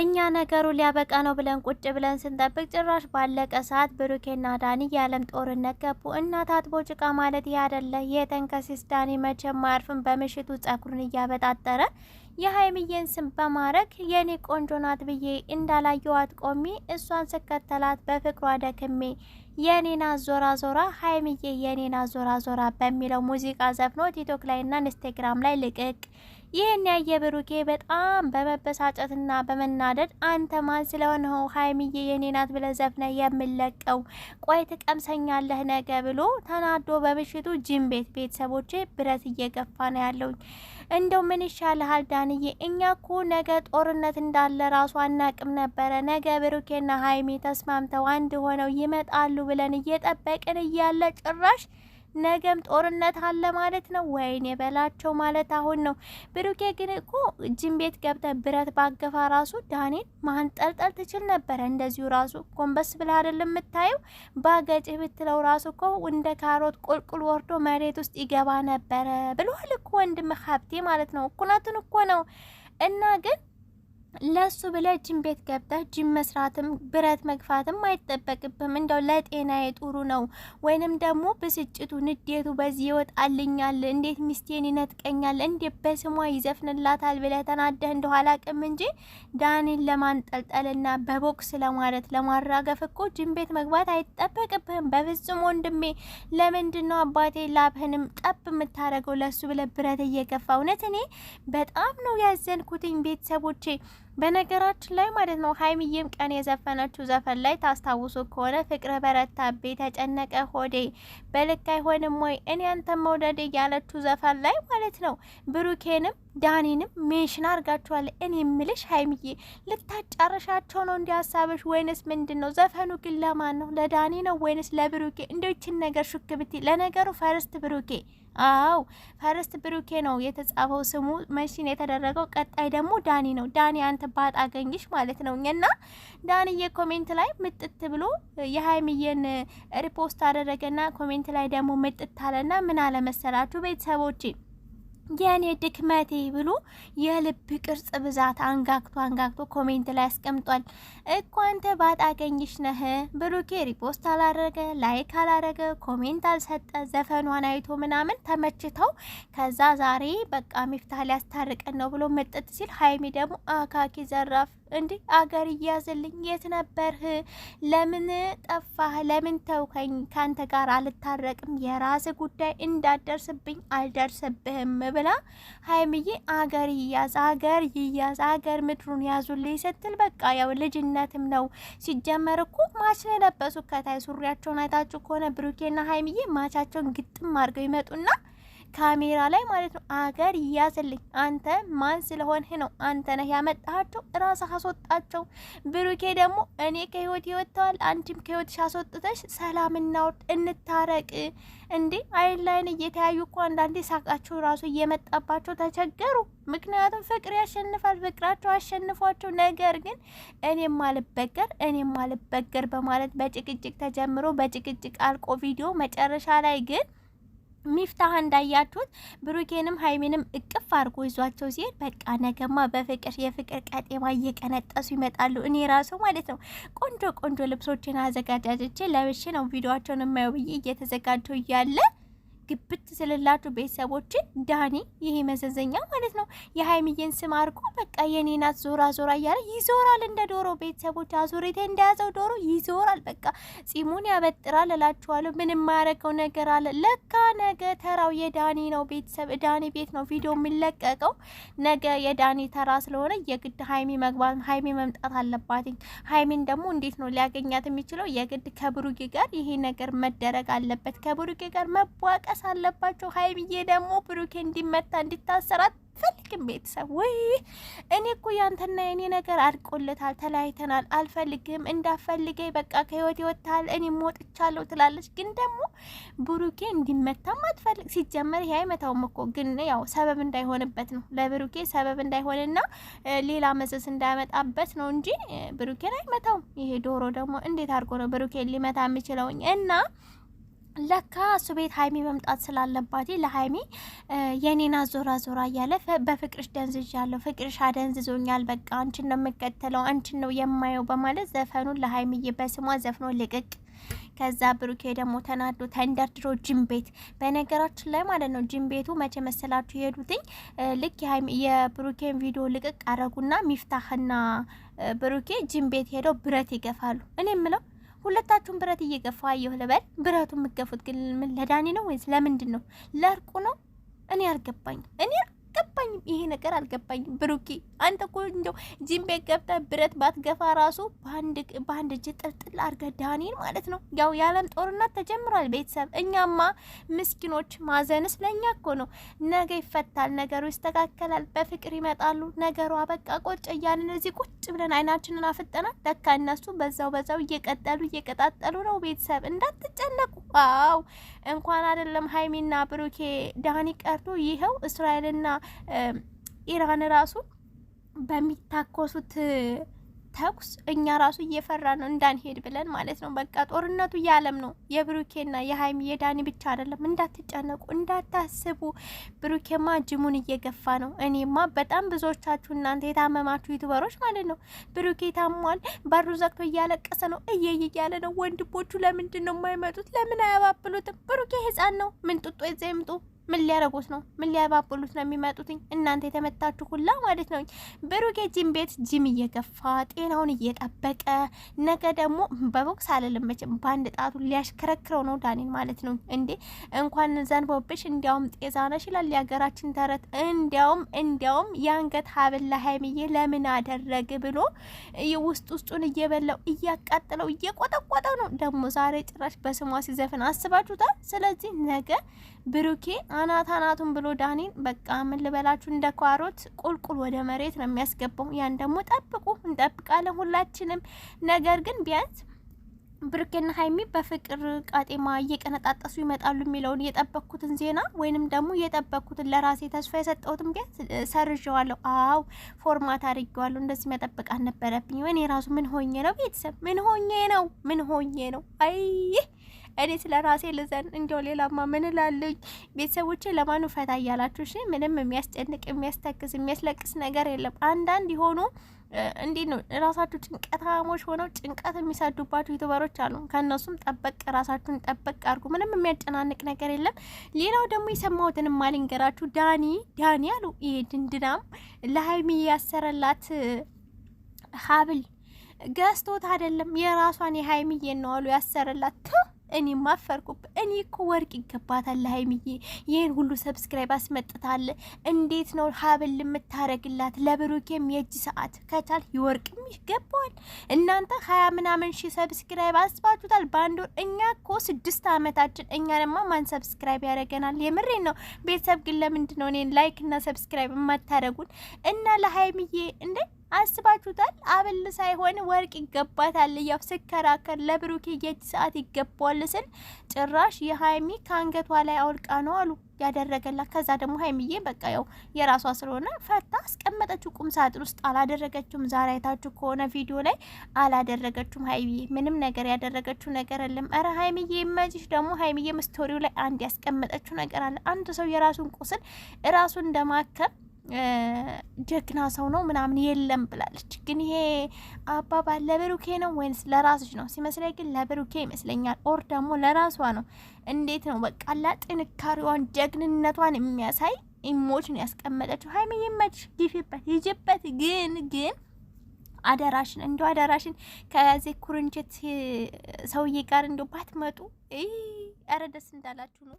እኛ ነገሩ ሊያበቃ ነው ብለን ቁጭ ብለን ስንጠብቅ ጭራሽ ባለቀ ሰዓት ብሩኬና ዳኒ የዓለም ጦርነት ገቡ። እናት አጥቦ ጭቃ ማለት ይህ አደለ? የተንከሲስ ዳኒ መቼም አያርፍም። በምሽቱ ጸጉሩን እያበጣጠረ የሀይምዬን ስም በማድረግ የኔ ቆንጆ ናት ብዬ እንዳላየዋት ቆሚ እሷን ስከተላት በፍቅሯ ደክሜ የኔና ዞራ ዞራ ሀይሚዬ የኔና ዞራ ዞራ በሚለው ሙዚቃ ዘፍኖ ቲክቶክ ላይና ኢንስታግራም ላይ ልቅቅ። ይህን ያየ ብሩኬ በጣም በመበሳጨትና በመናደድ አንተ ማን ስለሆነው ሀይሚዬ የኔናት ብለ ዘፍነ የምለቀው ቆይ ትቀምሰኛለህ ነገ ብሎ ተናዶ በምሽቱ ጅም ቤት ቤተሰቦቼ ብረት እየገፋ ነው ያለውኝ። እንደው ምን ይሻልሃል ዳንዬ? እኛ ኮ ነገ ጦርነት እንዳለ ራሱ አናቅም ነበረ። ነገ ብሩኬና ሀይሚ ተስማምተው አንድ ሆነው ይመጣሉ ብለን እየጠበቅን እያለ ጭራሽ ነገም ጦርነት አለ ማለት ነው። ወይን የበላቸው ማለት አሁን ነው። ብሩኬ ግን እኮ ጅም ቤት ገብተ ብረት ባገፋ ራሱ ዳኔን ማንጠልጠል ትችል ነበረ። እንደዚሁ ራሱ ጎንበስ ብለ አደል የምታየው። ባገጭህ ብትለው ራሱ እኮ እንደ ካሮት ቁልቁል ወርዶ መሬት ውስጥ ይገባ ነበረ ብለዋል እኮ ወንድም ሀብቴ ማለት ነው። እኩነቱን እኮ ነው እና ግን ለሱ ብለ ጅም ቤት ገብተህ ጅም መስራትም ብረት መግፋትም አይጠበቅብም። እንደው ለጤናዬ ጥሩ ነው ወይንም ደግሞ ብስጭቱ፣ ንዴቱ በዚህ ይወጣልኛል፣ እንዴት ሚስቴን ይነጥቀኛል፣ እንዴት በስሟ ይዘፍንላታል ብለ ተናደህ እንደኋላ ቅም እንጂ ዳኒን ለማንጠልጠልና በቦክስ ለማለት ለማራገፍ እኮ ጅም ቤት መግባት አይጠበቅብህም በፍጹም ወንድሜ። ለምንድን ነው አባቴ ላብህንም ጠብ የምታደርገው ለሱ ብለ ብረት እየገፋ? እውነት እኔ በጣም ነው ያዘንኩትኝ ቤተሰቦቼ በነገራችን ላይ ማለት ነው ሀይሚዬም ቀን የዘፈነችው ዘፈን ላይ ታስታውሱ ከሆነ ፍቅር በረታቤ፣ ተጨነቀ ሆዴ፣ በልክ አይሆንም ወይ እኔ አንተ መውደዴ ያለችው ዘፈን ላይ ማለት ነው ብሩኬንም ዳኔንም ሜሽን አድርጋችኋል። እኔ ምልሽ ሀይምዬ ልታጫረሻቸው ነው እንዲያሳበሽ ወይንስ ምንድን ነው? ዘፈኑ ግን ለማን ነው? ለዳኔ ነው ወይንስ ለብሩኬ? እንደችን ነገር ሹክብቲ። ለነገሩ ፈርስት ብሩኬ፣ አው ፈርስት ብሩኬ ነው የተጻፈው ስሙ መሽን የተደረገው። ቀጣይ ደግሞ ዳኒ ነው። ዳኒ አንተ ባጣ ገኝሽ ማለት ነው። እና ዳንዬ ኮሜንት ላይ ምጥት ብሎ የሀይምዬን ሪፖስት አደረገና ኮሜንት ላይ ደግሞ ምጥት አለና ምን አለመሰላችሁ ቤተሰቦቼ የእኔ ድክመቴ ብሎ የልብ ቅርጽ ብዛት አንጋግቶ አንጋግቶ ኮሜንት ላይ ያስቀምጧል እኮ አንተ ባጣ ቀኝሽ ነህ። ብሩኬ ሪፖስት አላረገ፣ ላይክ አላረገ፣ ኮሜንት አልሰጠ፣ ዘፈኗን አይቶ ምናምን ተመችተው ከዛ ዛሬ በቃ ሚፍታህ ሊያስታርቀን ነው ብሎ መጠጥ ሲል ሀይሚ ደግሞ አካኪ ዘራፍ እንዴ አገር እያዝልኝ የት ነበርህ? ለምን ጠፋህ? ለምን ተውከኝ? ካንተ ጋር አልታረቅም፣ የራስ ጉዳይ እንዳደርስብኝ አልደርስብህም ብላ ሀይምዬ አገር ይያዝ አገር ይያዝ አገር ምድሩን ያዙልኝ ስትል በቃ ያው ልጅነትም ነው ሲጀመር እኮ ማች ነው የለበሱ ከታይ ሱሪያቸውን አይታችሁ ከሆነ ብሩኬና ሀይምዬ ማቻቸውን ግጥም አድርገው ይመጡና ካሜራ ላይ ማለት ነው። አገር ይያዝልኝ። አንተ ማን ስለሆንህ ነው? አንተ ነህ ያመጣሃቸው፣ እራስህ አስወጣቸው። ብሩኬ ደግሞ እኔ ከህይወት ይወጥተዋል፣ አንቺም ከህይወትሽ አስወጥተሽ ሰላም እናውርድ፣ እንታረቅ። እንዴ አይን ላይን እየተያዩ እኮ አንዳንዴ ሳቃቸው ራሱ እየመጣባቸው ተቸገሩ። ምክንያቱም ፍቅር ያሸንፋል፣ ፍቅራቸው አሸንፏቸው። ነገር ግን እኔም አልበገር እኔም አልበገር በማለት በጭቅጭቅ ተጀምሮ በጭቅጭቅ አልቆ ቪዲዮ መጨረሻ ላይ ግን ሚፍታህ እንዳያችሁት ብሩኬንም ሀይሜንም እቅፍ አድርጎ ይዟቸው ሲሄድ በቃ ነገማ በፍቅር የፍቅር ቀጤማ እየቀነጠሱ ይመጣሉ። እኔ ራሱ ማለት ነው ቆንጆ ቆንጆ ልብሶችን አዘጋጃጅቼ ለብሼ ነው ቪዲዮቸውን የማየው ብዬ እየተዘጋጀው እያለ ግብት ስልላችሁ ቤተሰቦች ዳኒ ይሄ መዘዘኛ ማለት ነው። የሀይሚዬን ስም አርጎ በቃ የኔ ናት ዞራ ዞራ እያለ ይዞራል እንደ ዶሮ ቤተሰቦች፣ አዙሪቴ እንደያዘው ዶሮ ይዞራል። በቃ ጺሙን ያበጥራል እላችኋለሁ። ምን የማያደርገው ነገር አለ? ለካ ነገ ተራው የዳኒ ነው። ቤተሰብ ዳኒ ቤት ነው ቪዲዮ የሚለቀቀው ነገ የዳኒ ተራ ስለሆነ የግድ ሀይሚ መግባት ሀይሚ መምጣት አለባትኝ። ሀይሚን ደግሞ እንዴት ነው ሊያገኛት የሚችለው? የግድ ከብሩጌ ጋር ይሄ ነገር መደረግ አለበት። ከብሩጌ ጋር መቧቀ መመለስ አለባቸው። ሀይሚዬ ደግሞ ብሩኬ እንዲመታ እንዲታሰራት አትፈልግም። ቤተሰብ ወይ እኔ እኮ ያንተና የኔ ነገር አድቆለታል፣ ተለያይተናል፣ አልፈልግም፣ እንዳፈልገ በቃ ከህይወት ይወታል፣ እኔ ሞጥቻለሁ ትላለች። ግን ደግሞ ብሩኬ እንዲመታም አትፈልግ። ሲጀመር ይሄ አይመታውም እኮ ግን ያው ሰበብ እንዳይሆንበት ነው ለብሩኬ ሰበብ እንዳይሆንና ሌላ መዘዝ እንዳያመጣበት ነው እንጂ ብሩኬን አይመታውም። ይሄ ዶሮ ደግሞ እንዴት አድርጎ ነው ብሩኬን ሊመታ የሚችለውኝ እና ለካ እሱ ቤት ሀይሚ መምጣት ስላለባት ለሀይሚ የኔና ዞራ ዞራ እያለ በፍቅርሽ ያለው ፍቅርሽ አደንዝዞኛል፣ በቃ አንቺን ነው የምቀተለው፣ አንቺን ነው የማየው በማለት ዘፈኑን ለሀይሚዬ በስሟ ዘፍኖ ልቅቅ ከዛ ብሩኬ ደግሞ ተናዶ ተንደርድሮ ጅም ቤት በነገራችን ላይ ማለት ነው። ጅም ቤቱ መቼ መሰላችሁ የሄዱትኝ? ልክ የብሩኬን ቪዲዮ ልቅቅ አረጉና ሚፍታህና ብሩኬ ጅም ቤት ሄደው ብረት ይገፋሉ። እኔ ምለው ሁለታችሁን ብረት እየገፋ አየሁ ልበል። ብረቱ የምገፉት ግን ምን ለዳኒ ነው ወይስ ለምንድን ነው? ለእርቁ ነው? እኔ አልገባኝም። እኔ አልገባኝም፣ ይሄ ነገር አልገባኝም። ብሩኬ አንተ እኮ እንደው ጂም ቤት ገብተህ ብረት ባትገፋ ራሱ በአንድ እጅ ጥልጥል አርገ ዳኒን ማለት ነው። ያው የዓለም ጦርነት ተጀምሯል። ቤተሰብ እኛማ ምስኪኖች፣ ማዘንስ ለእኛ እኮ ነው። ነገ ይፈታል፣ ነገሩ ይስተካከላል፣ በፍቅር ይመጣሉ። ነገሩ አበቃ ቆጭ እያልን እዚህ ቁጭ ብለን አይናችንን አፍጠናል። ለካ እነሱ በዛው በዛው እየቀጠሉ እየቀጣጠሉ ነው። ቤተሰብ እንዳትጨነቁ። አዎ እንኳን አይደለም ሀይሚና ብሩኬ ዳኒ ቀርቶ ይኸው እስራኤልና ኢራን ራሱ በሚታኮሱት ተኩስ እኛ ራሱ እየፈራ ነው እንዳንሄድ ብለን ማለት ነው። በቃ ጦርነቱ የዓለም ነው። የብሩኬና የሀይሚ የዳኒ ብቻ አይደለም። እንዳትጨነቁ፣ እንዳታስቡ። ብሩኬማ ጅሙን እየገፋ ነው። እኔማ በጣም ብዙዎቻችሁ እናንተ የታመማችሁ ዩቱበሮች ማለት ነው። ብሩኬ ታሟል፣ በሩን ዘግቶ እያለቀሰ ነው፣ እየይ እያለ ነው። ወንድሞቹ ለምንድን ነው የማይመጡት? ለምን አያባብሉትም? ብሩኬ ህፃን ነው። ምን ጡጦ ይዘ ምን ሊያረጉት ነው? ምን ሊያባብሉት ነው የሚመጡትኝ? እናንተ የተመታችሁ ሁላ ማለት ነው። ብሩኬ ጂም ቤት ጂም እየገፋ ጤናውን እየጠበቀ ነገ ደግሞ በቦክስ አለልም በአንድ ጣቱ ሊያሽከረክረው ነው ዳኒን ማለት ነው። እንዴ እንኳን ዘንቦብሽ እንዲያውም ጤዛነሽ ይላል የሀገራችን ተረት። እንዲያውም እንዲያውም የአንገት ሀብል ላሀይምዬ ለምን አደረግ ብሎ ውስጥ ውስጡን እየበላው እያቃጠለው እየቆጠቆጠው ነው። ደግሞ ዛሬ ጭራሽ በስሟ ሲዘፍን አስባችሁታል። ስለዚህ ነገ ብሩኬ አናት አናቱን ብሎ ዳኒን በቃ ምን ልበላችሁ እንደ ኳሮት ቁልቁል ወደ መሬት ነው የሚያስገባው። ያን ደግሞ ጠብቁ፣ እንጠብቃለን ሁላችንም። ነገር ግን ቢያንስ ብርኬና ሀይሚ በፍቅር ቃጤማ እየቀነጣጠሱ ይመጣሉ የሚለውን የጠበቅኩትን ዜና ወይንም ደግሞ የጠበቅኩትን ለራሴ ተስፋ የሰጠሁትን ቢያንስ ሰርዣዋለሁ። አዎ ፎርማት አድርጌዋለሁ። እንደዚህ መጠበቅ አልነበረብኝ። ወይኔ ራሱ ምን ሆኜ ነው ቤተሰብ? ምን ሆኜ ነው? ምን ሆኜ ነው? አይ እኔ ስለ ራሴ ልዘን እንዲያው ሌላማ ምን እላለሁ። ቤተሰቦች ለማኑ ፈታ እያላችሁ እሺ። ምንም የሚያስጨንቅ የሚያስተክስ የሚያስለቅስ ነገር የለም። አንዳንድ የሆኑ እንዴት ነው ራሳችሁ ጭንቀታሞች ሆነው ጭንቀት የሚሰዱባችሁ ዩቱበሮች አሉ። ከእነሱም ጠበቅ ራሳችሁን ጠበቅ አድርጉ። ምንም የሚያጨናንቅ ነገር የለም። ሌላው ደግሞ የሰማሁትን ማልንገራችሁ። ዳኒ ዳኒ አሉ ይሄ ድንድናም ለሀይሚ ያሰረላት ሀብል ገዝቶት አይደለም የራሷን የሀይሚዬን ነው አሉ ያሰረላት እኔ ማፈርኩብ። እኔ እኮ ወርቅ ይገባታል ለሀይሚዬ። ይህን ሁሉ ሰብስክራይብ አስመጥታል እንዴት ነው ሀብል የምታረግላት? ለብሩኬም የእጅ ሰዓት ከቻል ይወርቅም ይገባዋል። እናንተ ሀያ ምናምን ሺ ሰብስክራይብ አስባችሁታል በአንድ ወር። እኛ እኮ ስድስት አመታችን። እኛ ደማ ማን ሰብስክራይብ ያደረገናል? የምሬ ነው። ቤተሰብ ግን ለምንድን ነው እኔን ላይክ እና ሰብስክራይብ የማታደረጉን? እና ለሀይሚዬ እንዴ አስባችሁታል? አብል ሳይሆን ወርቅ ይገባታል። እያው ስከራከር ለብሩኬ የእጅ ሰዓት ይገባዋል ስል ጭራሽ የሀይሚ ከአንገቷ ላይ አውልቃ ነው አሉ ያደረገላት። ከዛ ደግሞ ሀይሚዬ በቃ ያው የራሷ ስለሆነ ፈታ አስቀመጠችው ቁም ሳጥን ውስጥ አላደረገችውም። ዛሬ አይታችሁ ከሆነ ቪዲዮ ላይ አላደረገችውም። ሀይሚዬ ምንም ነገር ያደረገችው ነገር የለም። ረ ሀይሚዬ መዚሽ ደግሞ ሀይሚዬ ምስቶሪው ላይ አንድ ያስቀመጠችው ነገር አለ። አንድ ሰው የራሱን ቁስል ራሱን እንደማከም ጀግና ሰው ነው ምናምን የለም ብላለች። ግን ይሄ አባባል ለብሩኬ ነው ወይንስ ለራስሽ ነው? ሲመስለኝ ግን ለብሩኬ ይመስለኛል። ኦር ደግሞ ለራሷ ነው። እንዴት ነው በቃላ ጥንካሬዋን ጀግንነቷን የሚያሳይ ኢሞሽን ያስቀመጠችው። ሀይሚ ይመችሽ፣ ግፊበት፣ ይጅበት። ግን ግን አደራሽን እንዲ አደራሽን ከዚህ ኩርንችት ሰውዬ ጋር እንዲ ባትመጡ። ኧረ ደስ እንዳላችሁ ነው።